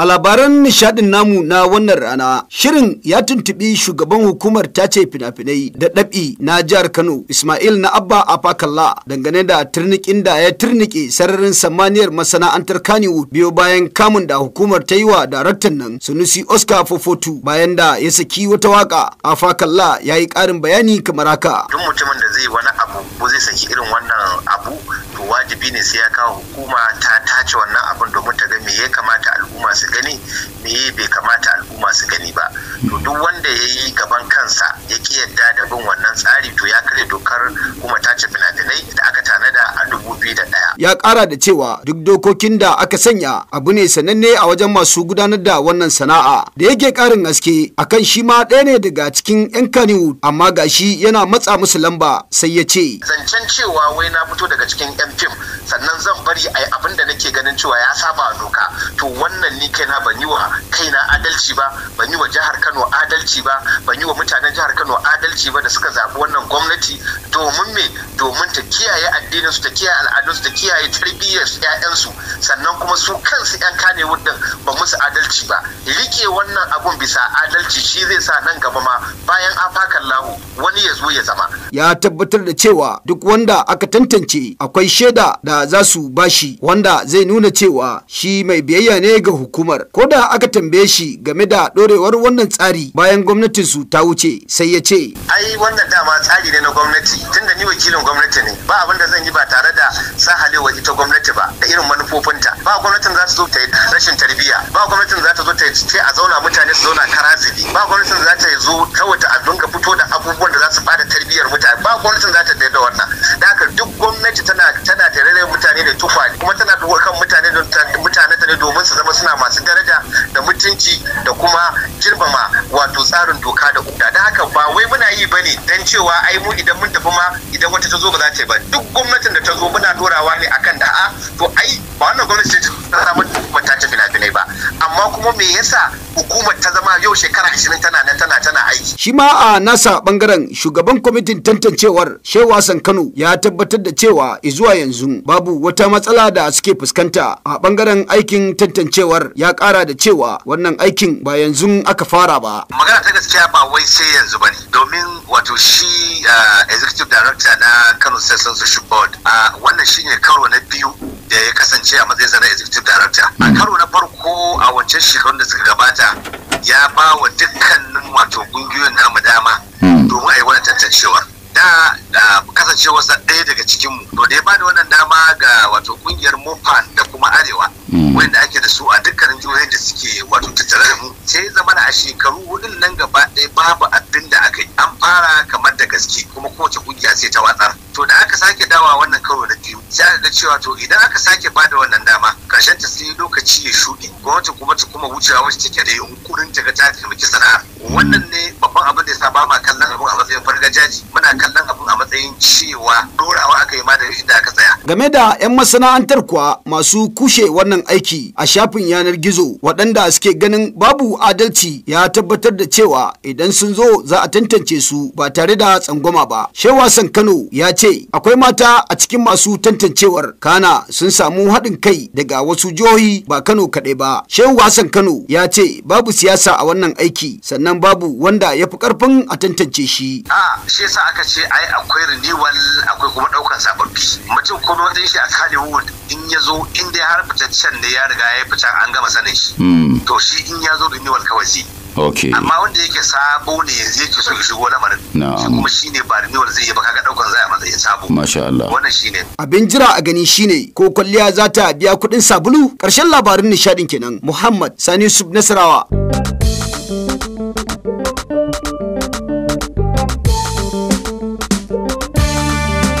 A labaran nishadin namu na wannan rana, shirin ya tuntubi shugaban hukumar tace fina-finai da ɗabi na jihar Kano, Ismail na Abba Afakalla, dangane da turnikin da ya turnike sararin samaniyar masana'antar kanewood biyo bayan kamun da hukumar ta yi wa daraktan nan Sunusi Oscar Fofotu bayan da ya saki wata waka Afakalla ya yi ƙarin bayani kamar haka. Duk mutumin da zai wani ko zai saki irin wannan abu to wajibi ne sai ya kawo hukuma ta tace wannan abun domin ta ga me ya kamata al'umma su gani me bai kamata al'umma su gani ba to duk wanda ya yi gaban kansa ya ya kara da cewa duk dokokin da aka sanya abu ne sananne a wajen masu gudanar da wannan sana'a da yake karin gaske akan shi ma ɗaya ne daga cikin 'yan kaniwood amma gashi yana matsa musu lamba sai ya ce zancen cewa wai na fito daga cikin 'yan fim sannan zan bari a yi abin da nake ganin cewa ya saba doka to wannan ni kaina ban yi wa kaina adalci ba ban yi wa jihar kano adalci ba ban yi wa mutanen jihar kano adalci ba da suka zaɓi wannan gwamnati domin me domin ta kiyaye addininsu, ta kiyaye al'adunsu, ta kiyaye tarbiyyarsu ƴaƴansu sannan kuma su kansu ƴan kane wudan ba musu adalci ba rike wannan abun bisa adalci shi zai sa nan gaba ma bayan an faka lahu wani ya zo ya zama ya tabbatar da cewa duk wanda aka tantance akwai shaida da za su bashi wanda zai nuna cewa shi mai biyayya ne ga hukumar ko da aka tambaye shi game da dorewar wannan tsari bayan gwamnatinsu ta wuce sai ya ce ai wannan dama tsari ne na gwamnati tunda ni wakilin gwamnati ne ba abin da zan yi ba tare da sa halewa ita gwamnati ba da irin manufofinta ba gwamnatin za ta zo ta yi rashin tarbiyya ba gwamnatin za ta zo ta ce a zauna mutane su zauna karasibi ba gwamnatin za ta zo kawai ta a dinga fito da abubuwan da za su masu daraja da mutunci da kuma girmama wato tsarin doka da oda da haka ba wai muna yi ba ne don cewa ai mu idan mun tafi ma idan wata ta zo ba za ta yi ba duk gwamnatin da ta zo muna dorawa ne akan da'a to ai ba wannan gwamnati ce ta samu amma kuma me yasa hukumar ta zama yau shekara ashirin tana nan tana tana aiki. Shi ma a nasa bangaren shugaban kwamitin tantancewar shewa san Kano ya tabbatar da cewa zuwa yanzu babu wata matsala da suke fuskanta a bangaren aikin tantancewar ya kara da cewa wannan aikin ba yanzu aka fara ba. Magana ta gaskiya ba wai sai yanzu ba ne domin wato shi executive director na Kano Sessions Board wannan shine karo na biyu da ya ce a matsayin sana'a executive director karo na farko a wancan shekarun da suka gabata ya ba wa dukkanin wato kungiyoyin namu dama hmm. domin a yi wani tantancewar da kasancewar sa ɗaya daga cikin mu to da ya bada wannan dama ga wato kungiyar Mofan da kuma arewa hmm. wanda ake da su a dukkanin jihohin da suke wato tattare da mu sai zama a shekaru hudun nan gaba ɗaya babu abin da aka yi an fara kamar da gaske kuma kowace kungiya sai ta watsar to da aka sake dawa karo na biyu sai ga cewa to idan aka sake ba da wannan dama karshen ta sai lokaci ya shuɗe gwamnati kuma ta kuma wucewa wacce take da yunkurin ta ga ta taimaki sana'a wannan ne babban abin da ya sa ba ma kallon abin a matsayin jaji muna kallon abin a matsayin cewa dorawa aka yi game da 'yan masana'antar kuwa masu kushe wannan aiki a shafin yanar gizo waɗanda suke ganin babu adalci ya tabbatar da cewa idan sun zo za a tantance su ba tare da tsangwama ba san kano ya ce akwai mata a cikin masu tantancewar kana sun samu haɗin kai daga wasu jihohi ba kano kaɗai ba shehu hassan kano ya ce babu siyasa a wannan aiki sannan babu wanda ya fi ƙarfin a tantance shi a shi yasa aka ce ai akwai renewal akwai kuma ɗaukar sababbi mutum ko matsayin shi a wood in ya zo in dai har fitaccen da ya riga ya fita an gama sanin shi hmm. to shi in ya zo renewal kawai zai Okay. amma wanda yake sabo ne yanzu yake so ya shigo lamarin shi kuma shine ba renewal zai yi ba kaga daukan zai a matsayin sabo masha Allah wannan shine abin jira a gani shine ko kwalliya za ta biya kuɗin sabulu karshen labarin nishaɗin kenan Muhammad Sani Sub Nasarawa